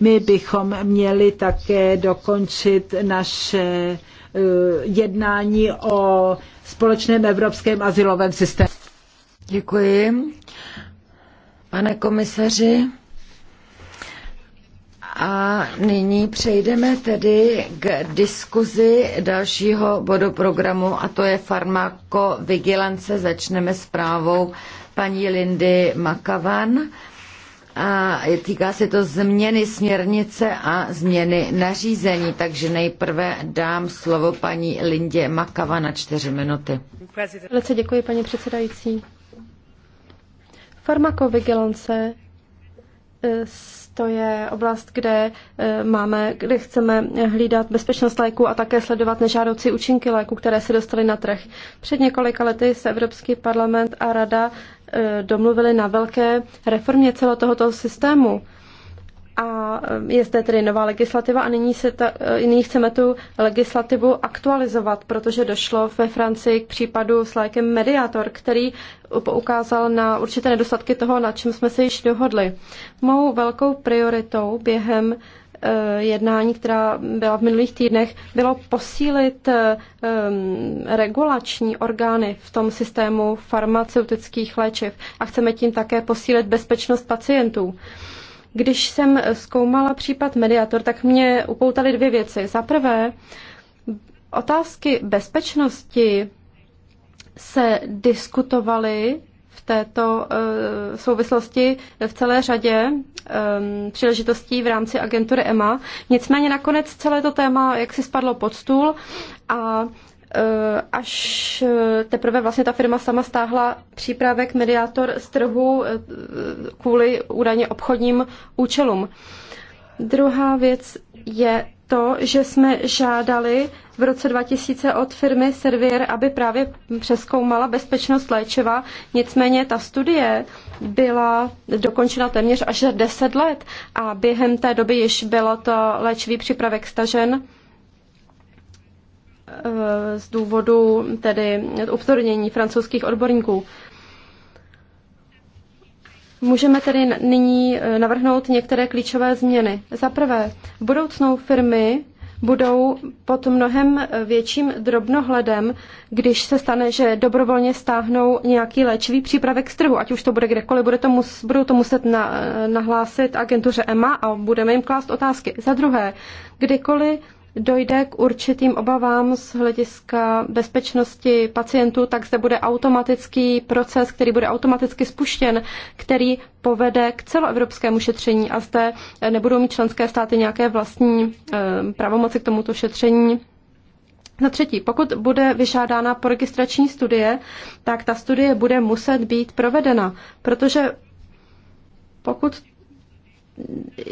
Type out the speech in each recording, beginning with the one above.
My bychom měli také dokončit naše eh, jednání o společném evropském asilovém systému. Děkuji. Pane komisaři, a nyní přejdeme tedy k diskuzi dalšího bodu programu a to je farmakovigilance. Začneme s právou paní Lindy Makavan. A týká se to změny směrnice a změny nařízení, takže nejprve dám slovo paní Lindě Makava na čtyři minuty. Velice děkuji, paní předsedající. Farmakovigilance eh, to je oblast, kde eh, máme, kde chceme hlídat bezpečnost léku a také sledovat nežádoucí účinky léku, které se dostaly na trh. Před několika lety se Evropský parlament a Rada Eh, domluvili na velké reformě celého tohoto systému. A eh, je zde tedy nová legislativa a nyní, se ta, eh, nyní chceme tu legislativu aktualizovat, protože došlo ve Francii k případu s lékem Mediator, který poukázal na určité nedostatky toho, na čem jsme se již dohodli. Mou velkou prioritou během Eh, jednání, která byla v minulých týdnech, bylo posílit eh, regulační orgány v tom systému farmaceutických léčiv a chceme tím také posílit bezpečnost pacientů. Když jsem zkoumala případ Mediator, tak mě upoutaly dvě věci. Za prvé, otázky bezpečnosti se diskutovaly v této eh, souvislosti v celé řadě eh, příležitostí v rámci agentury EMA. Nicméně nakonec celé to téma jak si spadlo pod stůl a eh, až teprve vlastně ta firma sama stáhla přípravek mediátor z trhu kvůli údajně obchodním účelům. Druhá věc je to, že jsme žádali v roce 2000 od firmy Servier, aby právě přeskoumala bezpečnost léčiva. Nicméně ta studie byla dokončena téměř až za 10 let a během té doby již bylo to léčivý přípravek stažen eh, z důvodu tedy upozornění francouzských odborníků. Můžeme tedy nyní eh, navrhnout některé klíčové změny. Za prvé, budoucnou firmy budou pod mnohem eh, větším drobnohledem, když se stane, že dobrovolně stáhnou nějaký léčivý přípravek z trhu, ať už to bude kdekoliv, bude to mus, budou to muset na, eh, nahlásit agentuře EMA a budeme jim klást otázky. Za druhé, kdykoliv dojde k určitým obavám z hlediska bezpečnosti pacientů, tak zde bude automatický proces, který bude automaticky spuštěn, který povede k celoevropskému šetření a zde eh, nebudou mít členské státy nějaké vlastní eh, pravomoci k tomuto šetření. Na třetí, pokud bude vyžádána poregistrační studie, tak ta studie bude muset být provedena, protože pokud eh,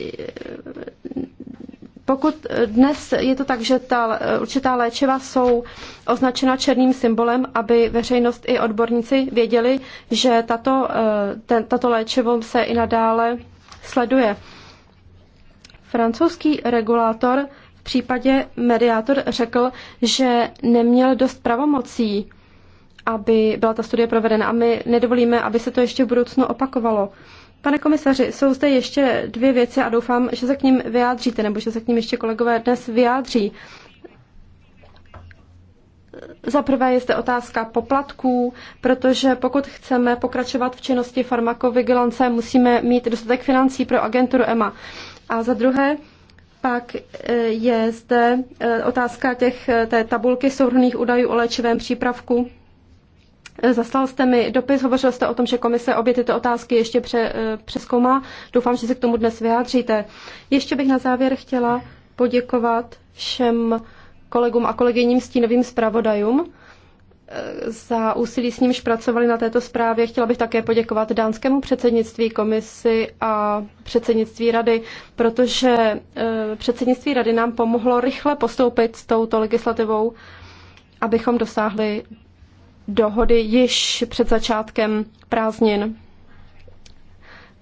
pokud eh, dnes je to tak, že ta eh, určitá léčiva jsou označena černým symbolem, aby veřejnost i odborníci věděli, že tato, eh, ten, tato léčivo se i nadále sleduje. Francouzský regulátor v případě mediátor řekl, že neměl dost pravomocí, aby byla ta studie provedena a my nedovolíme, aby se to ještě v budoucnu opakovalo. Pane komisaři, jsou zde ještě dvě věci a doufám, že se k ním vyjádříte, nebo že se k ním ještě kolegové dnes vyjádří. Za prvé je zde otázka poplatků, protože pokud chceme pokračovat v činnosti farmakovigilance, musíme mít dostatek financí pro agenturu EMA. A za druhé, pak e, je zde e, otázka těch, e, té tabulky souhrných údajů o léčivém přípravku. Zaslal jste mi dopis, hovořil jste o tom, že komise obě tyto otázky ještě pře, eh, přeskoumá. Doufám, že se k tomu dnes vyjádříte. Ještě bych na závěr chtěla poděkovat všem kolegům a kolegyním stínovým zpravodajům eh, za úsilí s nímž pracovali na této zprávě. Chtěla bych také poděkovat dánskému předsednictví komisi a předsednictví rady, protože eh, předsednictví rady nám pomohlo rychle postoupit s touto legislativou, abychom dosáhli dohody již před začátkem prázdnin.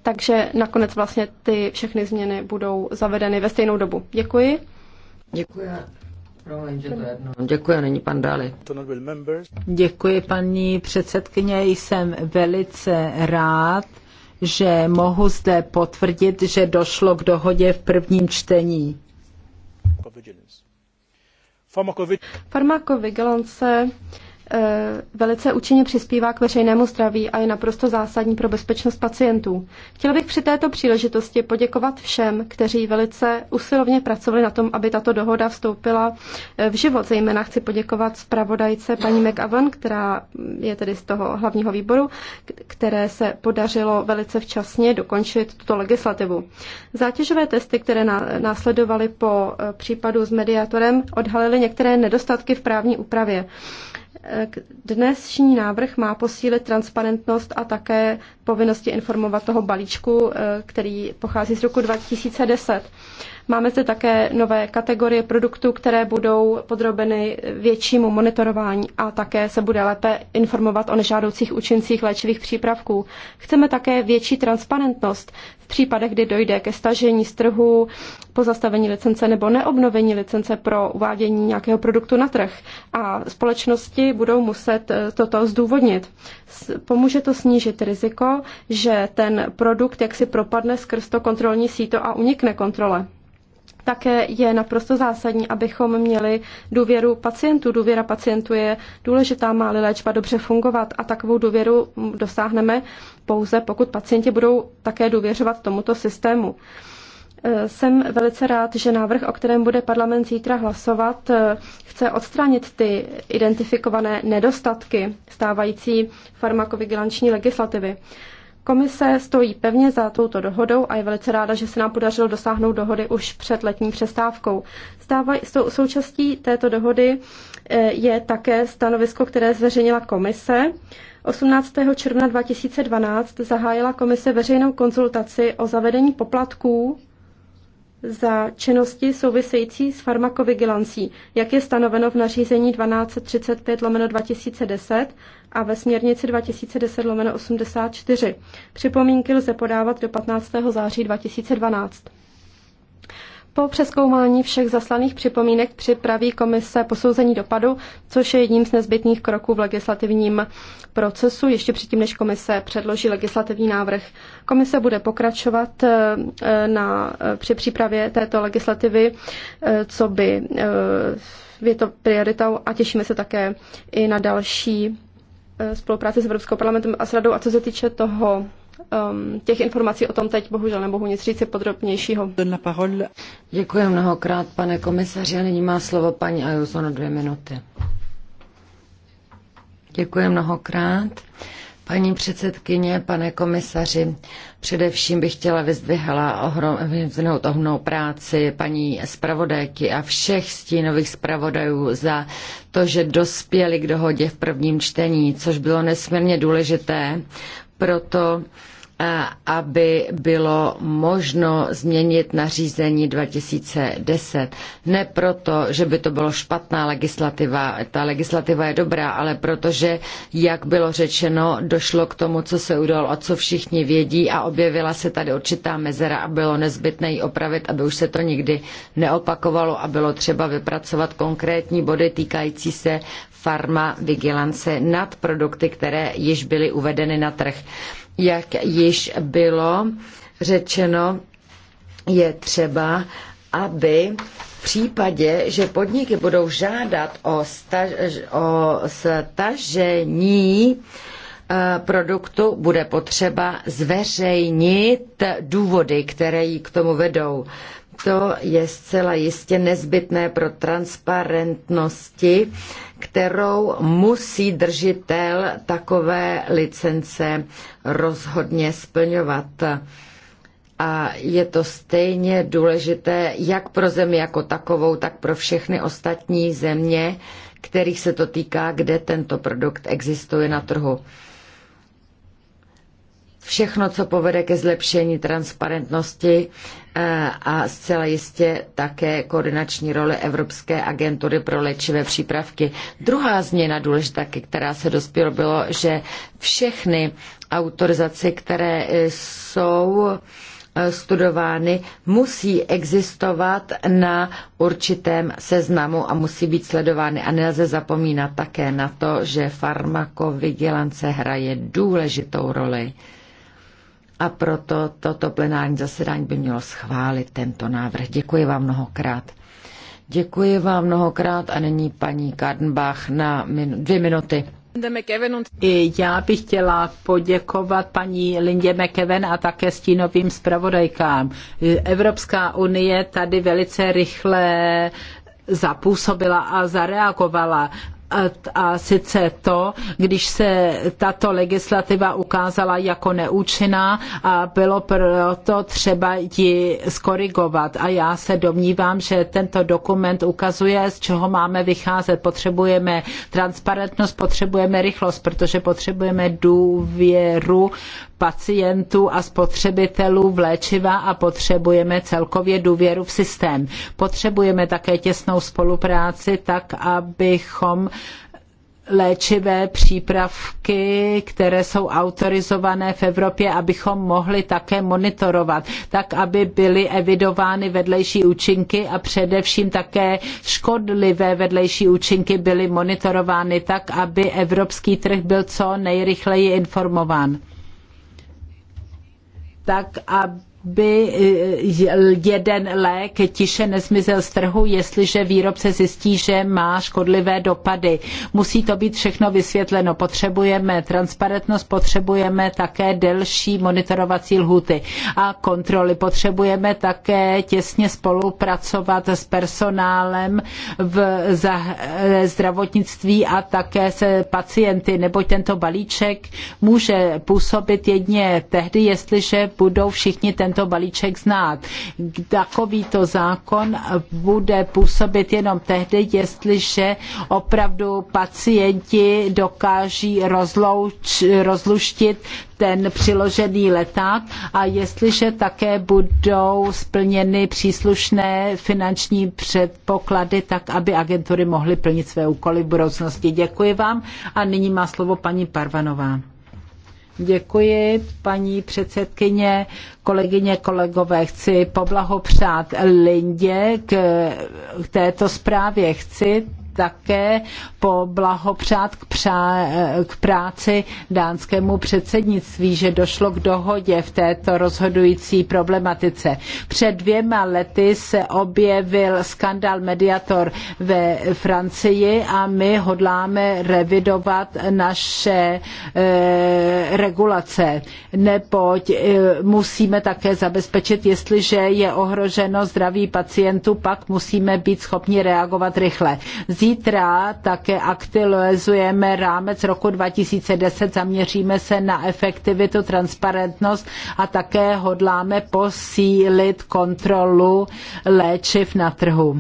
Takže nakonec vlastně ty všechny změny budou zavedeny ve stejnou dobu. Děkuji. Děkuji. Děkuji, není pan Dali. Děkuji, paní předsedkyně. Jsem velice rád, že mohu zde potvrdit, že došlo k dohodě v prvním čtení. Farmakovigilance Eh, velice účinně přispívá k veřejnému zdraví a je naprosto zásadní pro bezpečnost pacientů. Chtěl bych při této příležitosti poděkovat všem, kteří velice usilovně pracovali na tom, aby tato dohoda vstoupila eh, v život. Zejména chci poděkovat zpravodajce paní McAvan, která je tedy z toho hlavního výboru, které se podařilo velice včasně dokončit tuto legislativu. Zátěžové testy, které následovaly po eh, případu s mediátorem, odhalily některé nedostatky v právní úpravě. Dnešní návrh má posílit transparentnost a také povinnosti informovat toho balíčku, eh, který pochází z roku 2010. Máme zde také nové kategorie produktů, které budou podrobeny většímu monitorování a také se bude lépe informovat o nežádoucích účincích léčivých přípravků. Chceme také větší transparentnost v případech, kdy dojde ke stažení z trhu, pozastavení licence nebo neobnovení licence pro uvádění nějakého produktu na trh. A společnosti budou muset eh, toto zdůvodnit. Pomůže to snížit riziko že ten produkt jaksi propadne skrz to kontrolní síto a unikne kontrole. Také je naprosto zásadní, abychom měli důvěru pacientů. Důvěra pacientů je důležitá, má-li léčba dobře fungovat a takovou důvěru dosáhneme pouze, pokud pacienti budou také důvěřovat tomuto systému. Eh, jsem velice rád, že návrh, o kterém bude parlament zítra hlasovat, eh, chce odstranit ty identifikované nedostatky stávající farmakovigilanční legislativy. Komise stojí pevně za touto dohodou a je velice ráda, že se nám podařilo dosáhnout dohody už před letní přestávkou. Stávaj, součástí této dohody eh, je také stanovisko, které zveřejnila komise. 18. června 2012 zahájila komise veřejnou konzultaci o zavedení poplatků za činnosti související s farmakovigilancí, jak je stanoveno v nařízení 1235 lomeno 2010 a ve směrnici 2010 lomeno 84. Připomínky lze podávat do 15. září 2012. Po přeskoumání všech zaslaných připomínek připraví komise posouzení dopadu, což je jedním z nezbytných kroků v legislativním procesu, ještě předtím, než komise předloží legislativní návrh. Komise bude pokračovat eh, na, eh, při přípravě této legislativy, eh, co by je to prioritou a těšíme se také i na další spolupráci s Evropskou parlamentem a s radou. A co se týče toho um, těch informací o tom teď bohužel nemohu nic říct podrobnějšího. Děkuji mnohokrát, pane komisaři. A nyní má slovo paní Ajuso na dvě minuty. Děkuji mnohokrát. Paní předsedkyně, pane komisaři, především bych chtěla vyzdvihla ohromnou ohnou práci paní zpravodajky a všech stínových zpravodajů za to, že dospěli k dohodě v prvním čtení, což bylo nesmírně důležité, proto aby bylo možno změnit nařízení 2010. Ne proto, že by to bylo špatná legislativa, ta legislativa je dobrá, ale protože, jak bylo řečeno, došlo k tomu, co se udalo a co všichni vědí a objevila se tady určitá mezera a bylo nezbytné ji opravit, aby už se to nikdy neopakovalo a bylo třeba vypracovat konkrétní body týkající se farmavigilance nad produkty, které již byly uvedeny na trh. Jak již bylo řečeno, je třeba, aby v případě, že podniky budou žádat o, staž, o stažení eh, produktu, bude potřeba zveřejnit důvody, které ji k tomu vedou. To je zcela jistě nezbytné pro transparentnosti, kterou musí držitel takové licence rozhodně splňovat. A je to stejně důležité jak pro zemi jako takovou, tak pro všechny ostatní země, kterých se to týká, kde tento produkt existuje na trhu. Všechno, co povede ke zlepšení transparentnosti, Eh, a zcela jistě také koordinační role Evropské agentury pro léčivé přípravky. Druhá změna důležitá, která se dospělo, bylo, že všechny autorizace, které eh, jsou eh, studovány, musí existovat na určitém seznamu a musí být sledovány. A nelze zapomínat také na to, že farmakovigilance hraje důležitou roli a proto toto plenární zasedání by mělo schválit tento návrh. Děkuji vám mnohokrát. Děkuji vám mnohokrát a nyní paní Kardenbach na min- dvě minuty. I já bych chtěla poděkovat paní Lindě McEwen a také stínovým zpravodajkám. Evropská unie tady velice rychle zapůsobila a zareagovala a sice to, když se tato legislativa ukázala jako neúčinná a bylo proto třeba ji skorigovat. A já se domnívám, že tento dokument ukazuje, z čeho máme vycházet. Potřebujeme transparentnost, potřebujeme rychlost, protože potřebujeme důvěru pacientů a spotřebitelů v léčiva a potřebujeme celkově důvěru v systém. Potřebujeme také těsnou spolupráci tak, abychom léčivé přípravky, které jsou autorizované v Evropě, abychom mohli také monitorovat, tak aby byly evidovány vedlejší účinky a především také škodlivé vedlejší účinky byly monitorovány tak, aby evropský trh byl co nejrychleji informován tak aby by eh, jeden lék tiše nezmizel z trhu, jestliže výrobce zjistí, že má škodlivé dopady. Musí to být všechno vysvětleno. Potřebujeme transparentnost, potřebujeme také delší monitorovací lhuty a kontroly. Potřebujeme také těsně spolupracovat s personálem v eh, zdravotnictví a také se pacienty, neboť tento balíček může působit jedině tehdy, jestliže budou všichni ten tento balíček znát. Takovýto zákon bude působit jenom tehdy, jestliže opravdu pacienti dokáží rozlouč, rozluštit ten přiložený leták a jestliže také budou splněny příslušné finanční předpoklady, tak aby agentury mohly plnit své úkoly v budoucnosti. Děkuji vám a nyní má slovo paní Parvanová. Děkuji, paní předsedkyně, kolegyně, kolegové. Chci poblahopřát Lindě k, k této zprávě. Chci také poblahopřát k, přá, k práci dánskému předsednictví, že došlo k dohodě v této rozhodující problematice. Před dvěma lety se objevil skandal Mediator ve Francii a my hodláme revidovat naše e, regulace, neboť e, musíme také zabezpečit, jestliže je ohroženo zdraví pacientů, pak musíme být schopni reagovat rychle. Zí Zítra také aktualizujeme rámec roku 2010, zaměříme se na efektivitu, transparentnost a také hodláme posílit kontrolu léčiv na trhu.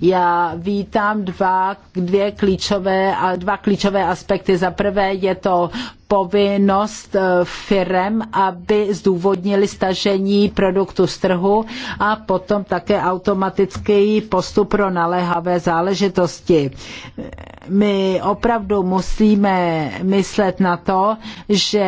Já vítám dva, dvě klíčové, dva klíčové aspekty. Za prvé je to povinnost eh, firem, aby zdůvodnili stažení produktu z trhu a potom také automatický postup pro naléhavé záležitosti. My opravdu musíme myslet na to, že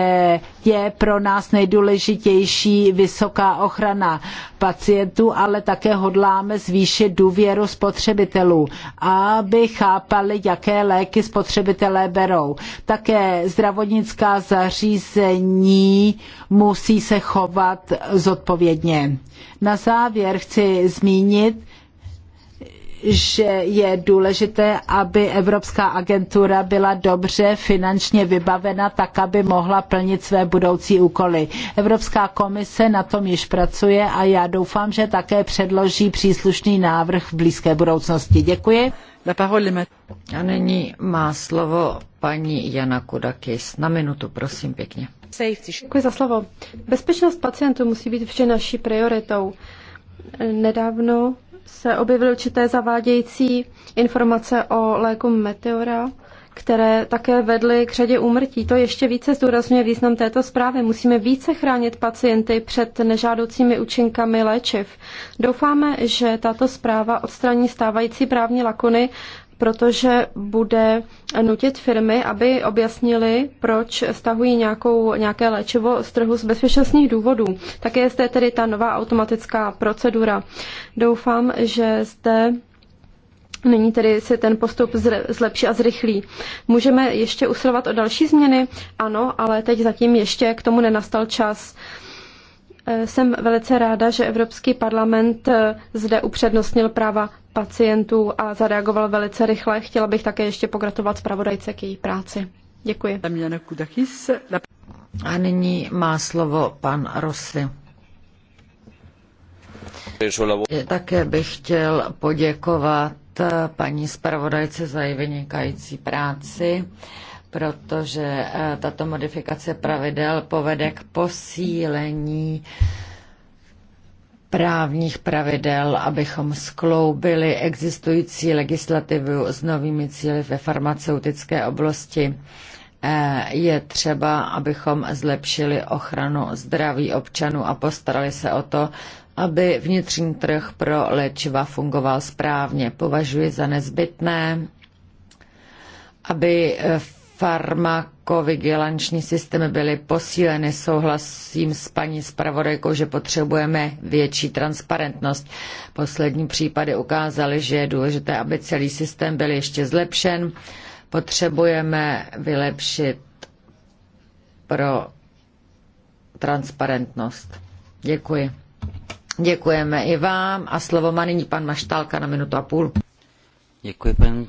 je pro nás nejdůležitější vysoká ochrana pacientů, ale také hodláme zvýšit důvěru spotřebitelů, aby chápali, jaké léky spotřebitelé berou. Také zdravotnické zdravotnická zařízení musí se chovat zodpovědně. Na závěr chci zmínit, že je důležité, aby Evropská agentura byla dobře finančně vybavena, tak aby mohla plnit své budoucí úkoly. Evropská komise na tom již pracuje a já doufám, že také předloží příslušný návrh v blízké budoucnosti. Děkuji. A nyní má slovo paní Jana Kudakis. Na minutu, prosím, pěkně. Děkuji za slovo. Bezpečnost pacientů musí být vždy naší prioritou. Nedávno se objevily určité zavádějící informace o léku Meteora, které také vedly k řadě úmrtí. To ještě více zdůrazňuje význam této zprávy. Musíme více chránit pacienty před nežádoucími účinkami léčiv. Doufáme, že tato zpráva odstraní stávající právní lakony protože bude nutit firmy, aby objasnili, proč stahují nějakou, nějaké léčivo z trhu z bezpečnostních důvodů. Také je zde tedy ta nová automatická procedura. Doufám, že zde Nyní tedy se ten postup zlepší a zrychlí. Můžeme ještě usilovat o další změny? Ano, ale teď zatím ještě k tomu nenastal čas. Jsem velice ráda, že Evropský parlament eh, zde upřednostnil práva pacientů a zareagoval velice rychle. Chtěla bych také ještě pogratulovat zpravodajce k její práci. Děkuji. A nyní má slovo pan Rossi. Také bych chtěl poděkovat eh, paní zpravodajce za její vynikající práci protože eh, tato modifikace pravidel povede k posílení právních pravidel, abychom skloubili existující legislativu s novými cíly ve farmaceutické oblasti. Eh, je třeba, abychom zlepšili ochranu zdraví občanů a postarali se o to, aby vnitřní trh pro léčiva fungoval správně. Považuji za nezbytné, aby v eh, farmakovigilanční systémy byly posíleny. Souhlasím s paní zpravodajkou, že potřebujeme větší transparentnost. Poslední případy ukázaly, že je důležité, aby celý systém byl ještě zlepšen. Potřebujeme vylepšit pro transparentnost. Děkuji. Děkujeme i vám a slovo má nyní pan Maštálka na minutu a půl. Děkuji, paní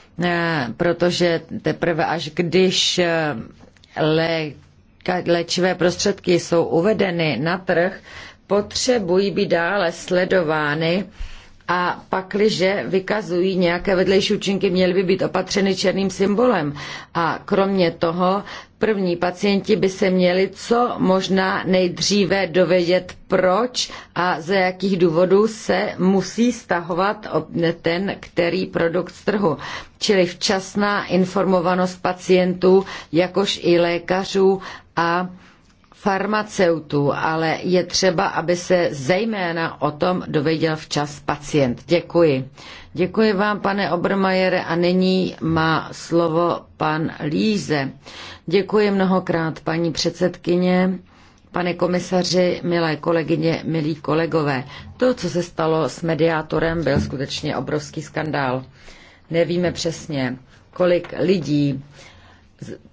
Eh, protože teprve až když eh, léčivé prostředky jsou uvedeny na trh, potřebují být dále sledovány a pakliže vykazují nějaké vedlejší účinky, měly by být opatřeny černým symbolem. A kromě toho, první pacienti by se měli co možná nejdříve dovědět, proč a ze jakých důvodů se musí stahovat ten, který produkt z trhu. Čili včasná informovanost pacientů, jakož i lékařů a farmaceutů, ale je třeba, aby se zejména o tom dověděl včas pacient. Děkuji. Děkuji vám, pane Obermajere, a nyní má slovo pan Líze. Děkuji mnohokrát, paní předsedkyně. Pane komisaři, milé kolegyně, milí kolegové, to, co se stalo s mediátorem, byl skutečně obrovský skandál. Nevíme přesně, kolik lidí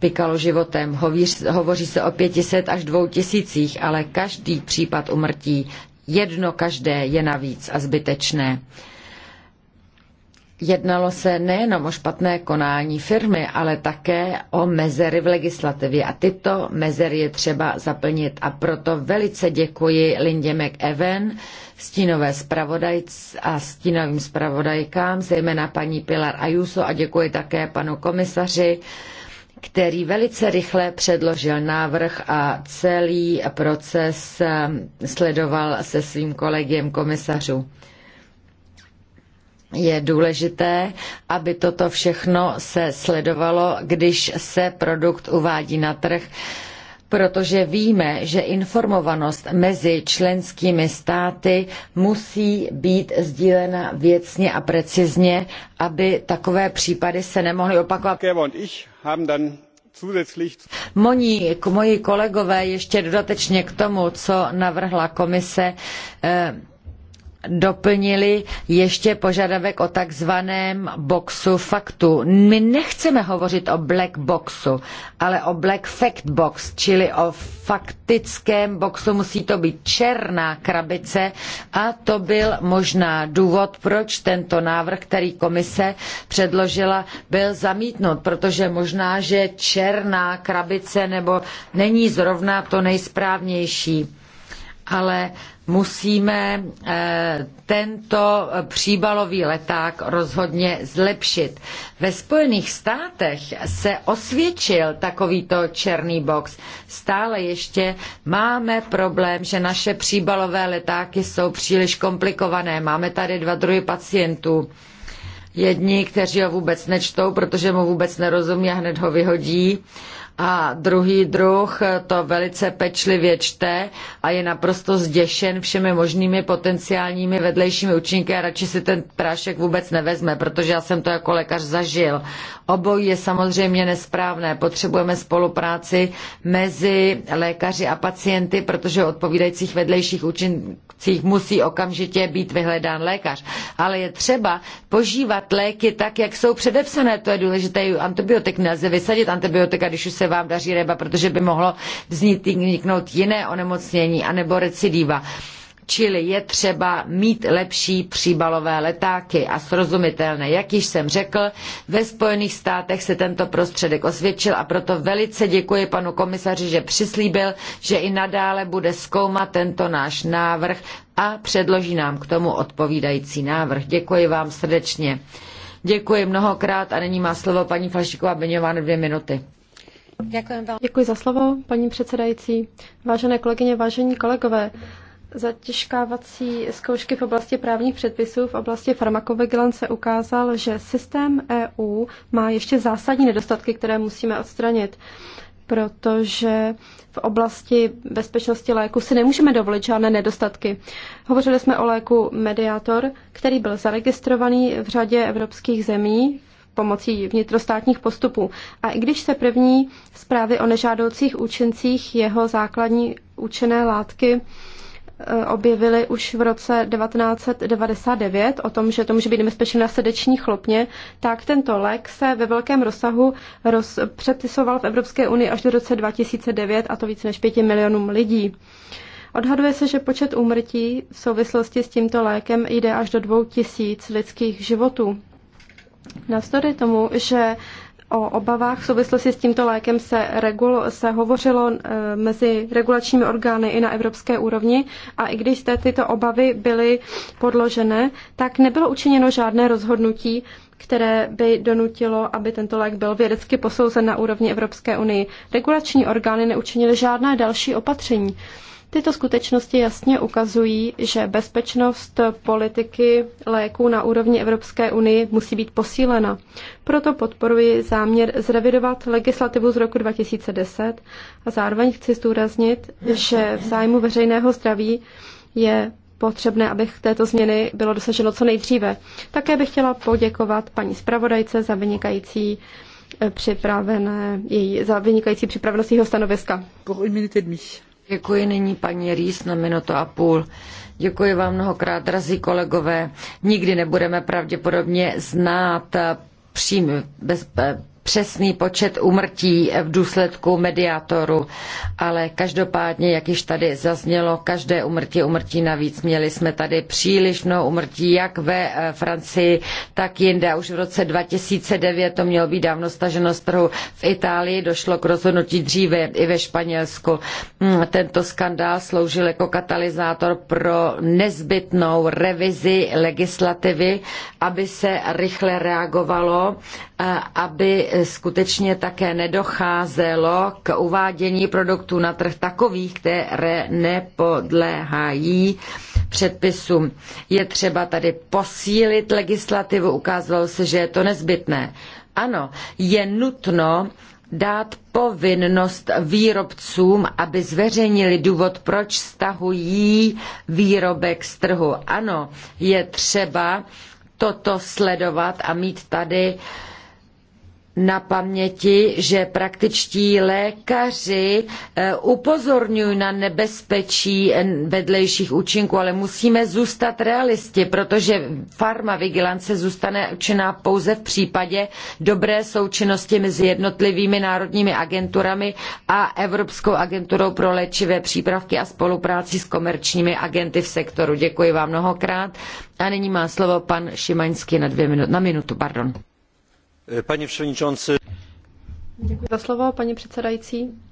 Pikalo životem. Hovíř, hovoří se o 500 až 2000, ale každý případ umrtí, jedno každé je navíc a zbytečné. Jednalo se nejenom o špatné konání firmy, ale také o mezery v legislativě a tyto mezery je třeba zaplnit a proto velice děkuji Lindě McEwen, stínové zpravodajce a stínovým zpravodajkám, zejména paní Pilar Ayuso a děkuji také panu komisaři, který velice rychle předložil návrh a celý proces um, sledoval se svým kolegiem komisařů. Je důležité, aby toto všechno se sledovalo, když se produkt uvádí na trh protože víme, že informovanost mezi členskými státy musí být sdílena věcně a precizně, aby takové případy se nemohly opakovat. Moji, moji kolegové ještě dodatečně k tomu, co navrhla komise, eh, doplnili ještě požadavek o takzvaném boxu faktu. My nechceme hovořit o black boxu, ale o black fact box, čili o faktickém boxu. Musí to být černá krabice a to byl možná důvod, proč tento návrh, který komise předložila, byl zamítnut, protože možná, že černá krabice nebo není zrovna to nejsprávnější. Ale musíme eh, tento příbalový leták rozhodně zlepšit. Ve Spojených státech se osvědčil takovýto černý box. Stále ještě máme problém, že naše příbalové letáky jsou příliš komplikované. Máme tady dva druhy pacientů. Jedni, kteří ho vůbec nečtou, protože mu vůbec nerozumí a hned ho vyhodí a druhý druh to velice pečlivě čte a je naprosto zděšen všemi možnými potenciálními vedlejšími účinky a radši si ten prášek vůbec nevezme, protože já jsem to jako lékař zažil. Obojí je samozřejmě nesprávné. Potřebujeme spolupráci mezi lékaři a pacienty, protože o odpovídajících vedlejších účincích musí okamžitě být vyhledán lékař. Ale je třeba požívat léky tak, jak jsou předepsané. To je důležité. Antibiotik nelze vysadit antibiotika, když už se vám daří ryba, protože by mohlo vzniknout jiné onemocnění anebo recidiva. Čili je třeba mít lepší příbalové letáky a srozumitelné. Jak již jsem řekl, ve Spojených státech se tento prostředek osvědčil a proto velice děkuji panu komisaři, že přislíbil, že i nadále bude zkoumat tento náš návrh a předloží nám k tomu odpovídající návrh. Děkuji vám srdečně. Děkuji mnohokrát a nyní má slovo paní Flašiková Beňová dvě minuty. Děkuji, Děkuji za slovo, paní předsedající. Vážené kolegyně, vážení kolegové, zatěžkávací zkoušky v oblasti právních předpisů v oblasti farmakovigilance ukázal, že systém EU má ještě zásadní nedostatky, které musíme odstranit protože v oblasti bezpečnosti léku si nemůžeme dovolit žádné nedostatky. Hovořili jsme o léku Mediator, který byl zaregistrovaný v řadě evropských zemí pomocí vnitrostátních postupů. A i když se první zprávy o nežádoucích účincích jeho základní účinné látky e, objevily už v roce 1999 o tom, že to může být nebezpečné na srdeční chlopně, tak tento lék se ve velkém rozsahu roz, předpisoval v Evropské unii až do roce 2009 a to více než 5 milionům lidí. Odhaduje se, že počet úmrtí v souvislosti s tímto lékem jde až do 2000 lidských životů. Navzdory tomu, že o obavách v souvislosti s tímto lékem se, regul, se hovořilo e, mezi regulačními orgány i na evropské úrovni a i když jste tyto obavy byly podložené, tak nebylo učiněno žádné rozhodnutí, které by donutilo, aby tento lék byl vědecky posouzen na úrovni Evropské unii. Regulační orgány neučinily žádné další opatření. Tyto skutečnosti jasně ukazují, že bezpečnost politiky léků na úrovni Evropské unie musí být posílena. Proto podporuji záměr zrevidovat legislativu z roku 2010 a zároveň chci zdůraznit, že v zájmu veřejného zdraví je potřebné, aby této změny bylo dosaženo co nejdříve. Také bych chtěla poděkovat paní zpravodajce za vynikající eh, připravené, její, za vynikající připravenost jeho stanoviska. Pour une minute et demie. Děkuji nyní paní Rýs na minutu a půl. Děkuji vám mnohokrát, drazí kolegové. Nikdy nebudeme pravděpodobně znát přím, bez, eh, přesný počet úmrtí v důsledku mediátoru, ale každopádně, jak již tady zaznělo, každé úmrtí úmrtí navíc. Měli jsme tady příliš mnoho úmrtí, jak ve eh, Francii, tak jinde. Už v roce 2009 to mělo být dávno staženo z trhu. V Itálii došlo k rozhodnutí dříve, i ve Španělsku. Hmm, tento skandál sloužil jako katalyzátor pro nezbytnou revizi legislativy, aby se rychle reagovalo, eh, aby skutečně také nedocházelo k uvádění produktů na trh takových, které nepodléhají předpisům. Je třeba tady posílit legislativu, ukázalo se, že je to nezbytné. Ano, je nutno dát povinnost výrobcům, aby zveřejnili důvod, proč stahují výrobek z trhu. Ano, je třeba toto sledovat a mít tady uh, na paměti, že praktičtí lékaři eh, upozorňují na nebezpečí vedlejších účinků, ale musíme zůstat realisti, protože farmavigilance zůstane účinná pouze v případě dobré součinnosti mezi jednotlivými národními agenturami a Evropskou agenturou pro léčivé přípravky a spolupráci s komerčními agenty v sektoru. Děkuji vám mnohokrát. A nyní má slovo pan Šimaňský na, dvě minut, na minutu. Pardon. E, za paní předsedající.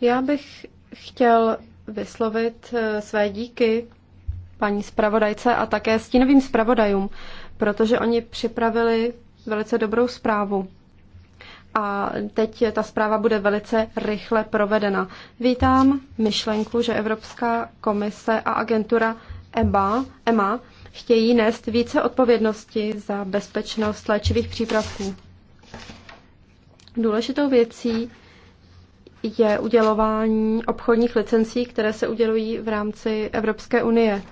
Já bych chtěl vyslovit e, své díky paní zpravodajce a také stínovým zpravodajům, protože oni připravili velice dobrou zprávu. A teď ta zpráva bude velice rychle provedena. Vítám myšlenku, že Evropská komise a agentura EBA, EMA chtějí nést více odpovědnosti za bezpečnost léčivých přípravků. Důležitou věcí je udělování obchodních licencí, které se udělují v rámci Evropské unie.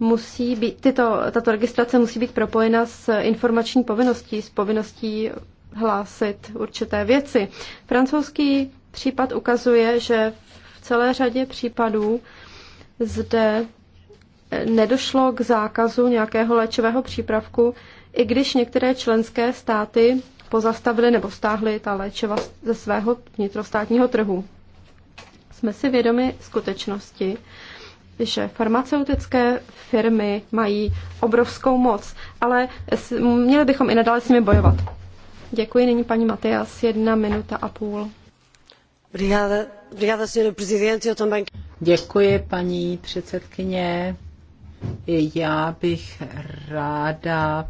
Musí být, tyto, tato registrace musí být propojena s informační povinností, s povinností hlásit určité věci. Francouzský případ ukazuje, že v celé řadě případů zde nedošlo k zákazu nějakého léčivého přípravku, i když některé členské státy pozastavily nebo stáhly ta léčiva ze svého vnitrostátního trhu. Jsme si vědomi skutečnosti, že farmaceutické firmy mají obrovskou moc, ale měli bychom i nadále s nimi bojovat. Děkuji, nyní paní Matias, jedna minuta a půl. Děkuji, paní předsedkyně. Já bych ráda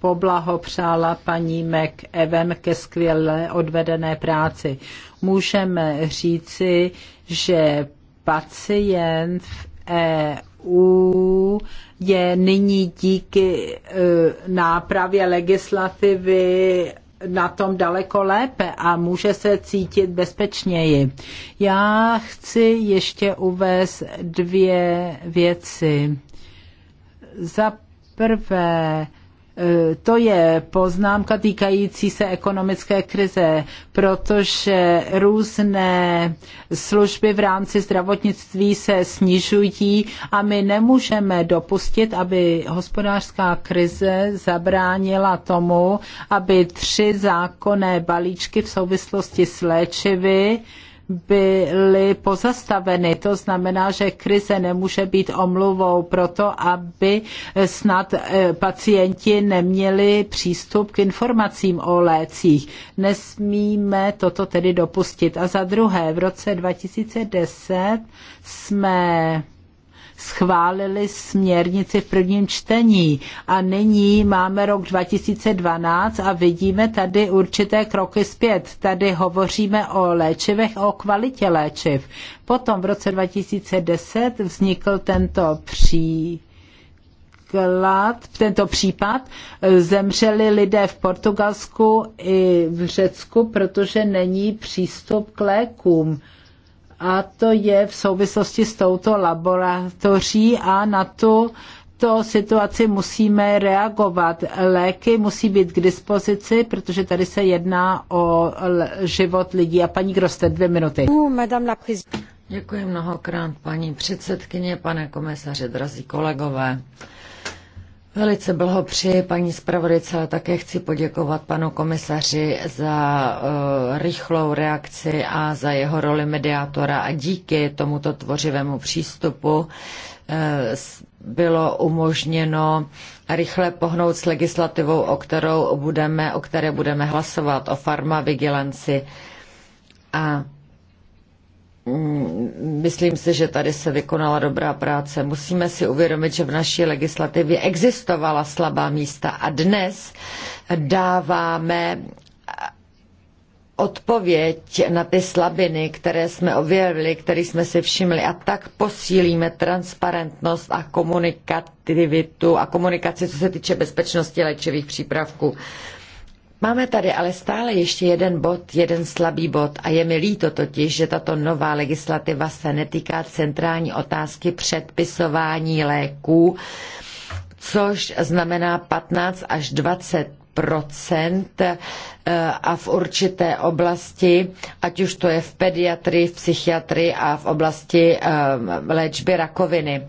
poblahopřála paní Evem ke skvěle odvedené práci. Můžeme říci, že pacient v EU je nyní díky e, nápravě legislativy na tom daleko lépe a může se cítit bezpečněji. Já chci ještě uvést dvě věci. Za prvé, E, to je poznámka týkající se ekonomické krize, protože různé služby v rámci zdravotnictví se snižují a my nemůžeme dopustit, aby hospodářská krize zabránila tomu, aby tři zákonné balíčky v souvislosti s léčivy byly pozastaveny. To znamená, že krize nemůže být omluvou pro to, aby snad eh, pacienti neměli přístup k informacím o lécích. Nesmíme toto tedy dopustit. A za druhé, v roce 2010 jsme schválili směrnici v prvním čtení a nyní máme rok 2012 a vidíme tady určité kroky zpět. Tady hovoříme o léčivech o kvalitě léčiv. Potom v roce 2010 vznikl tento pří příklad, tento případ, zemřeli lidé v Portugalsku i v Řecku, protože není přístup k lékům a to je v souvislosti s touto laboratoří a na tu to situaci musíme reagovat. Léky musí být k dispozici, protože tady se jedná o život lidí. A paní Groste, dvě minuty. Děkuji mnohokrát, paní předsedkyně, pane komisaře, drazí kolegové. Velice blahopřeji paní zpravodajce a také chci poděkovat panu komisaři za uh, rychlou reakci a za jeho roli mediátora a díky tomuto tvořivému přístupu uh, bylo umožněno rychle pohnout s legislativou, o, kterou budeme, o které budeme hlasovat, o farmavigilanci. A Mm, myslím si, že tady se vykonala dobrá práce. Musíme si uvědomit, že v naší legislativě existovala slabá místa a dnes dáváme odpověď na ty slabiny, které jsme objevili, které jsme si všimli a tak posílíme transparentnost a komunikativitu a komunikaci, co se týče bezpečnosti léčivých přípravků. Máme tady ale stále ještě jeden bod, jeden slabý bod a je mi líto totiž, že tato nová legislativa se netýká centrální otázky předpisování léků, což znamená 15 až 20 eh, a v určité oblasti, ať už to je v pediatrii, v psychiatrii a v oblasti eh, léčby rakoviny.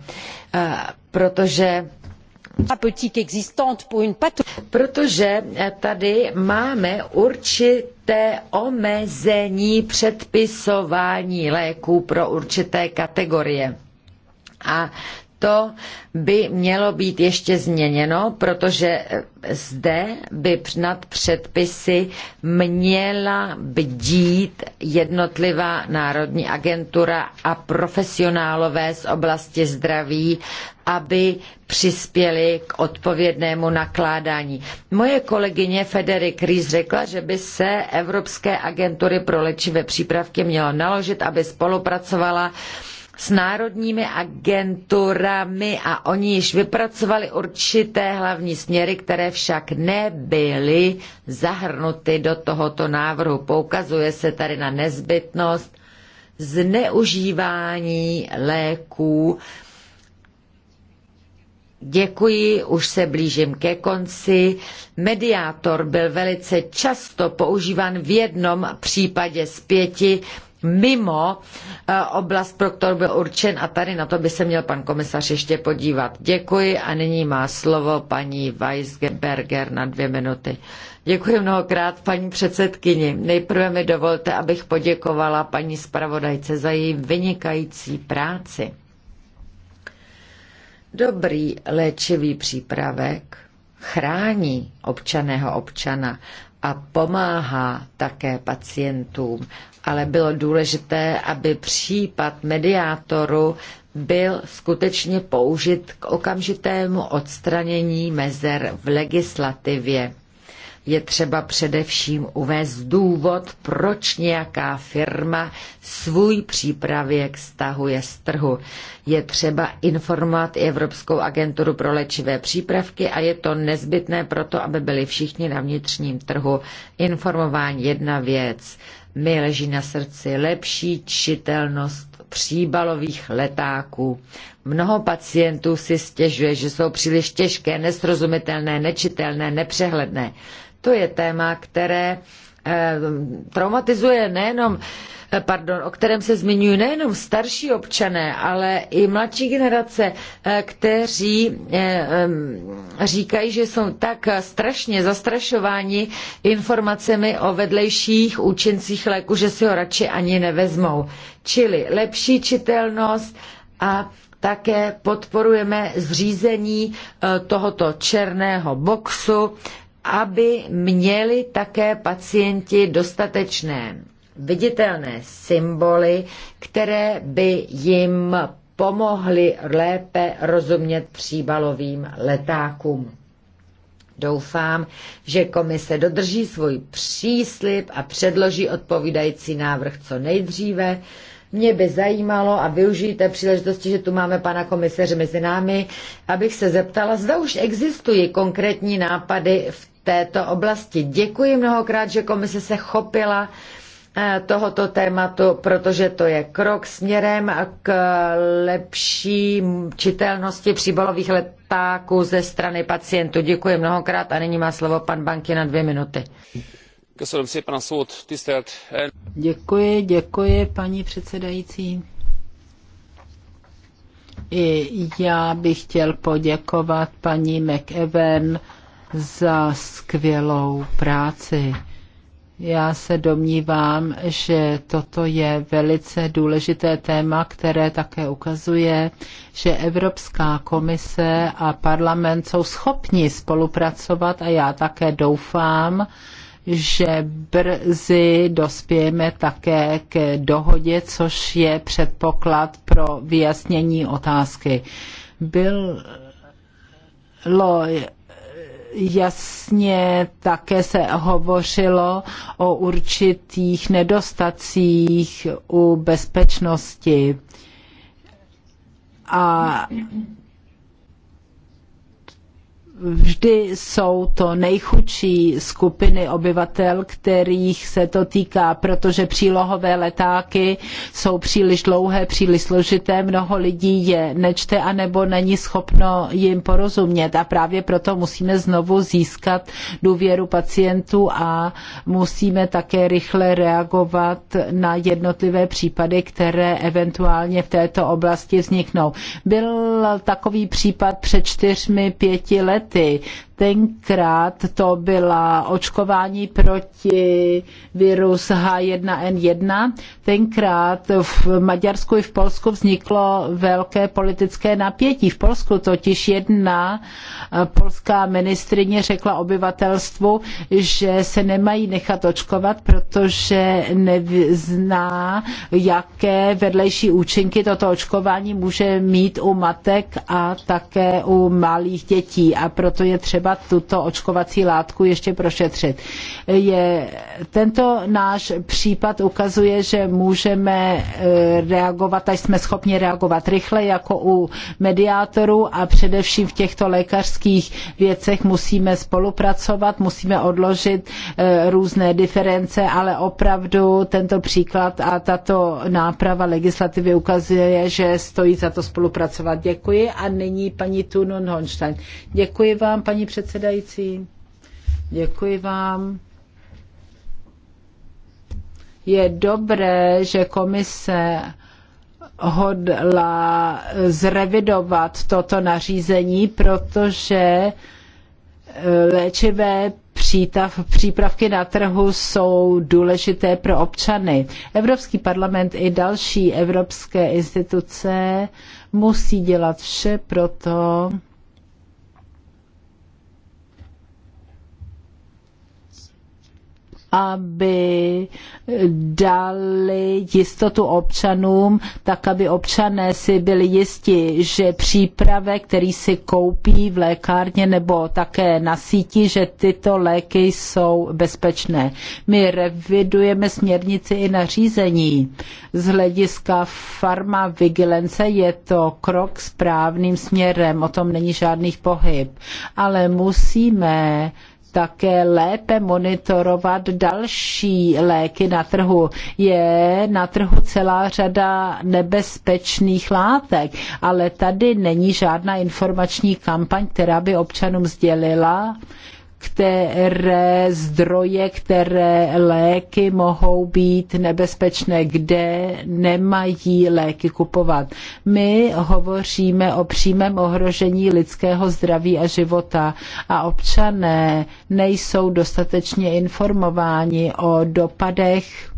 Eh, protože Protože eh, tady máme určité omezení předpisování léků pro určité kategorie. A to by mělo být ještě změněno, protože zde by nad předpisy měla bdít jednotlivá národní agentura a profesionálové z oblasti zdraví, aby přispěli k odpovědnému nakládání. Moje kolegyně Federik Ries řekla, že by se Evropské agentury pro léčivé přípravky mělo naložit, aby spolupracovala s národními agenturami a oni již vypracovali určité hlavní směry, které však nebyly zahrnuty do tohoto návrhu. Poukazuje se tady na nezbytnost zneužívání léků. Děkuji, už se blížím ke konci. Mediátor byl velice často používán v jednom případě z pěti mimo eh, oblast, pro kterou byl určen a tady na to by se měl pan komisař ještě podívat. Děkuji a nyní má slovo paní Weisberger na dvě minuty. Děkuji mnohokrát paní předsedkyni. Nejprve mi dovolte, abych poděkovala paní zpravodajce za její vynikající práci. Dobrý léčivý přípravek chrání občaného občana a pomáhá také pacientům. Ale bylo důležité, aby případ mediátoru byl skutečně použit k okamžitému odstranění mezer v legislativě je třeba především uvést důvod, proč nějaká firma svůj přípravěk stahuje z trhu. Je třeba informovat i Evropskou agenturu pro léčivé přípravky a je to nezbytné proto, aby byli všichni na vnitřním trhu informováni. Jedna věc mi leží na srdci lepší čitelnost příbalových letáků. Mnoho pacientů si stěžuje, že jsou příliš těžké, nesrozumitelné, nečitelné, nepřehledné. To je téma, které eh, traumatizuje nejenom, eh, pardon, o kterém se zmiňují nejenom starší občané, ale i mladší generace, eh, kteří říkají, že jsou tak strašně zastrašováni informacemi o vedlejších účincích léku, že si ho radši ani nevezmou. Čili lepší čitelnost a také podporujeme zřízení tohoto černého boxu, aby měli také pacienti dostatečné viditelné symboly, které by jim pomohly lépe rozumět příbalovým letákům. Doufám, že komise dodrží svůj příslip a předloží odpovídající návrh co nejdříve, mě by zajímalo a využijte té příležitosti, že tu máme pana komisaře mezi námi, abych se zeptala, zda už existují konkrétní nápady v této oblasti. Děkuji mnohokrát, že komise se chopila eh, tohoto tématu, protože to je krok směrem k lepší čitelnosti příbalových letáků ze strany pacientů. Děkuji mnohokrát a nyní má slovo pan Banky na dvě minuty. Děkuji, děkuji, paní předsedající. I já bych chtěl poděkovat paní McEwen za skvělou práci. Já se domnívám, že toto je velice důležité téma, které také ukazuje, že Evropská komise a parlament jsou schopni spolupracovat a já také doufám, že brzy dospějeme také k dohodě, což je předpoklad pro vyjasnění otázky. Bylo jasně také se hovořilo o určitých nedostacích u bezpečnosti. A vždy jsou to nejchudší skupiny obyvatel, kterých se to týká, protože přílohové letáky jsou příliš dlouhé, příliš složité, mnoho lidí je nečte anebo není schopno jim porozumět a právě proto musíme znovu získat důvěru pacientů a musíme také rychle reagovat na jednotlivé případy, které eventuálně v této oblasti vzniknou. Byl takový případ před čtyřmi, pěti lety, lety tenkrát to byla očkování proti virus H1N1. Tenkrát v Maďarsku i v Polsku vzniklo velké politické napětí. V Polsku totiž jedna eh, polská ministrině řekla obyvatelstvu, že se nemají nechat očkovat, protože nezná, jaké vedlejší účinky toto očkování může mít u matek a také u malých dětí. A proto je třeba třeba tuto očkovací látku ještě prošetřit. Je, tento náš případ ukazuje, že můžeme eh, reagovat, až jsme schopni reagovat rychle, jako u mediátorů a především v těchto lékařských věcech musíme spolupracovat, musíme odložit eh, různé diference, ale opravdu tento příklad a tato náprava legislativy ukazuje, že stojí za to spolupracovat. Děkuji a nyní paní Tunun Honstein. Děkuji vám, paní předsedkyně předsedající. Děkuji vám. Je dobré, že komise hodla zrevidovat toto nařízení, protože eh, léčivé přítav, přípravky na trhu jsou důležité pro občany. Evropský parlament i další evropské instituce musí dělat vše pro to, aby dali jistotu občanům, tak aby občané si byli jisti, že příprave, který si koupí v lékárně nebo také na síti, že tyto léky jsou bezpečné. My revidujeme směrnici i nařízení. Z hlediska farmavigilance je to krok správným směrem, o tom není žádných pohyb. Ale musíme také lépe monitorovat další léky na trhu. Je na trhu celá řada nebezpečných látek, ale tady není žádná informační kampaň, která by občanům sdělila, které zdroje, které léky mohou být nebezpečné, kde nemají léky kupovat. My hovoříme o přímém ohrožení lidského zdraví a života a občané nejsou dostatečně informováni o dopadech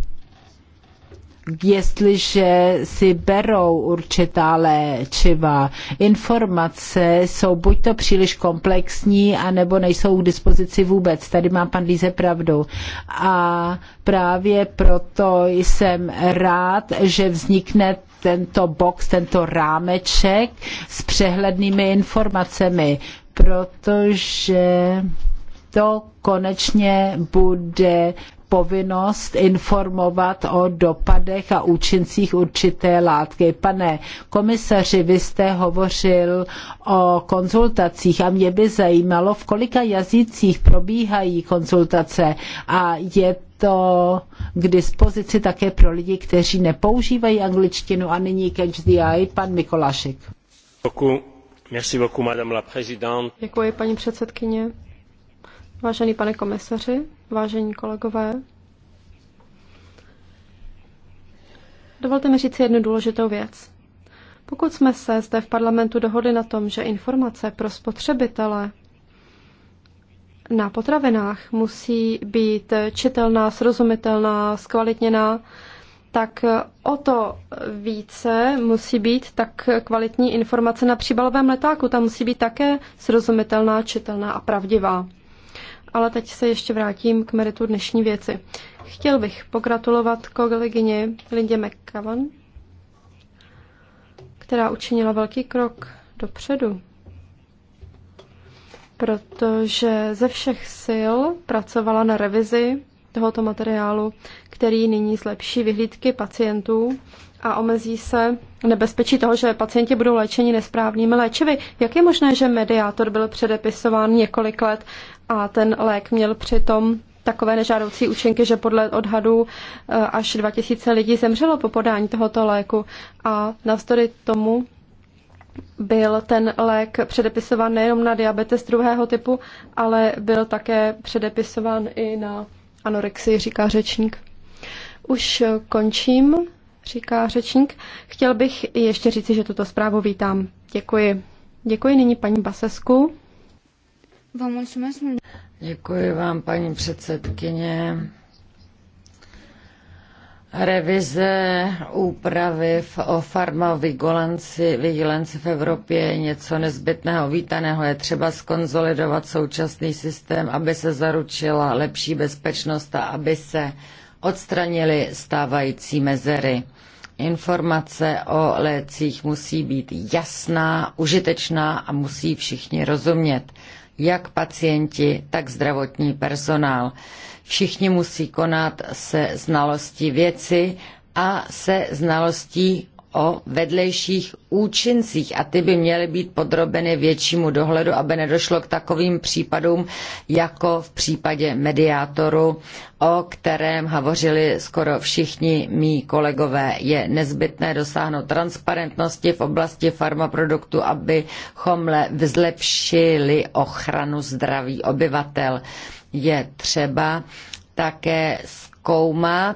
jestliže si berou určitá léčiva. Informace jsou buď to příliš komplexní, anebo nejsou k dispozici vůbec. Tady má pan Líze pravdu. A právě proto jsem rád, že vznikne tento box, tento rámeček s přehlednými informacemi, protože to konečně bude povinnost informovat o dopadech a účincích určité látky. Pane komisaři, vy jste hovořil o konzultacích a mě by zajímalo, v kolika jazycích probíhají konzultace a je to k dispozici také pro lidi, kteří nepoužívají angličtinu a nyní Catch the Eye, pan Mikolášek. Děkuji, paní předsedkyně. Vážený pane komisaři, vážení kolegové, dovolte mi říct jednu důležitou věc. Pokud jsme se zde v parlamentu dohodli na tom, že informace pro spotřebitele na potravinách musí být čitelná, srozumitelná, zkvalitněná, tak o to více musí být tak kvalitní informace na příbalovém letáku. Ta musí být také srozumitelná, čitelná a pravdivá ale teď se ještě vrátím k meritu dnešní věci. Chtěl bych pogratulovat kolegyně Lindě McCavan, která učinila velký krok dopředu, protože ze všech sil pracovala na revizi tohoto materiálu, který nyní zlepší vyhlídky pacientů a omezí se nebezpečí toho, že pacienti budou léčeni nesprávnými léčivy. Jak je možné, že mediátor byl předepisován několik let a ten lék měl přitom takové nežádoucí účinky, že podle odhadů eh, až 2000 lidí zemřelo po podání tohoto léku a navzdory tomu byl ten lék předepisován nejenom na diabetes druhého typu, ale byl také předepisován i na anorexii, říká řečník. Už končím, říká řečník. Chtěl bych ještě říci, že tuto zprávu vítám. Děkuji. Děkuji nyní paní Basesku. Vám Děkuji vám, paní předsedkyně. Revize úpravy v, o farmavigilanci v Evropě je něco nezbytného, vítaného. Je třeba skonzolidovat současný systém, aby se zaručila lepší bezpečnost a aby se odstranily stávající mezery. Informace o lécích musí být jasná, užitečná a musí všichni rozumět jak pacienti, tak zdravotní personál. Všichni musí konat se znalostí věci a se znalostí o vedlejších účincích a ty by měly být podrobeny většímu dohledu, aby nedošlo k takovým případům, jako v případě mediátoru, o kterém hovořili skoro všichni mý kolegové. Je nezbytné dosáhnout transparentnosti v oblasti farmaproduktu, abychom zlepšili ochranu zdraví obyvatel. Je třeba také zkoumat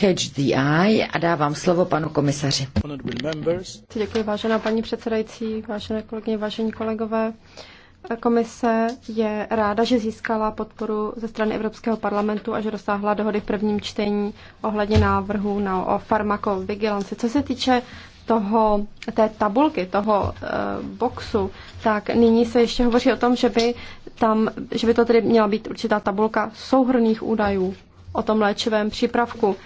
Catch the Eye a dávám slovo panu komisaři. Děkuji, vážená paní předsedající, vážené kolegyně, vážení kolegové. Komise je ráda, že získala podporu ze strany Evropského parlamentu a že dosáhla dohody v prvním čtení ohledně návrhu na, o farmakovigilanci. Co se týče toho, té tabulky, toho eh, boxu, tak nyní se ještě hovoří o tom, že by, tam, že by to tedy měla být určitá tabulka souhrných údajů o tom léčivém přípravku.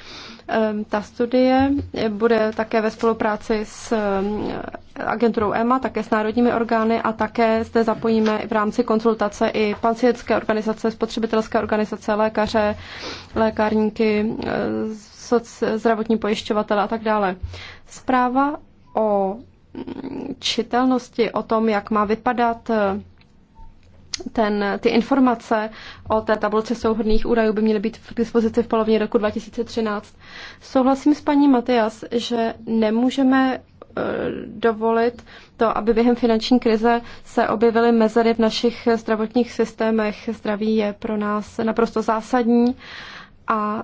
Ehm, ta studie bude také ve spolupráci s ehm, agenturou EMA, také s národními orgány a také zde zapojíme v rámci konzultace i pacientské organizace, spotřebitelské organizace, lékaře, lékárníky, e, zdravotní pojišťovatele a tak dále. Zpráva o mm, čitelnosti, o tom, jak má vypadat e, ten, ty informace o té tabulce souhodných údajů by měly být v dispozici v polovině roku 2013. Souhlasím s paní Matias, že nemůžeme eh, dovolit to, aby během finanční krize se objevily mezery v našich zdravotních systémech. Zdraví je pro nás naprosto zásadní a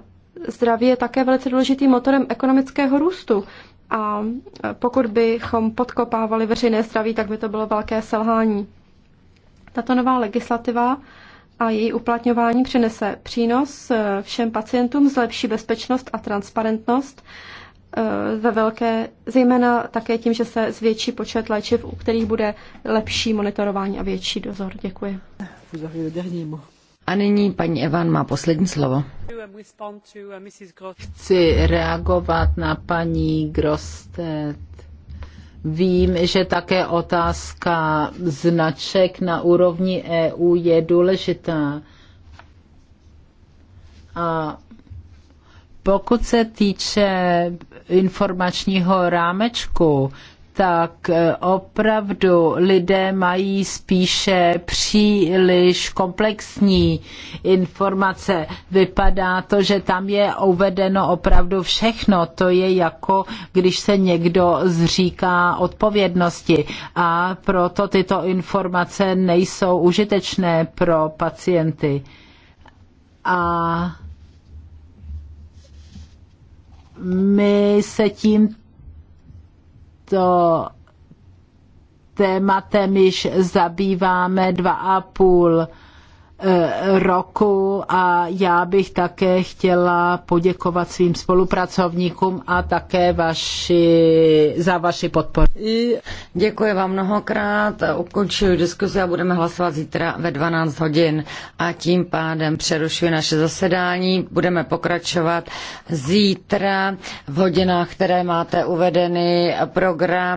zdraví je také velice důležitým motorem ekonomického růstu. A pokud bychom podkopávali veřejné zdraví, tak by to bylo velké selhání. Tato nová legislativa a její uplatňování přinese přínos eh, všem pacientům, zlepší bezpečnost a transparentnost eh, ve velké, zejména také tím, že se zvětší počet léčiv, u kterých bude lepší monitorování a větší dozor. Děkuji. A nyní paní Evan má poslední slovo. Chci reagovat na paní Grostet Vím, že také otázka značek na úrovni EU je důležitá. A pokud se týče informačního rámečku, tak eh, opravdu lidé mají spíše příliš komplexní informace. Vypadá to, že tam je uvedeno opravdu všechno. To je jako, když se někdo zříká odpovědnosti a proto tyto informace nejsou užitečné pro pacienty. A my se tím tímto tématem již zabýváme dva a půl Eh, roku a já bych také chtěla poděkovat svým spolupracovníkům a také vaši, za vaši podporu. Děkuji vám mnohokrát, ukončuji diskuzi a budeme hlasovat zítra ve 12 hodin a tím pádem přerušuji naše zasedání. Budeme pokračovat zítra v hodinách, které máte uvedeny program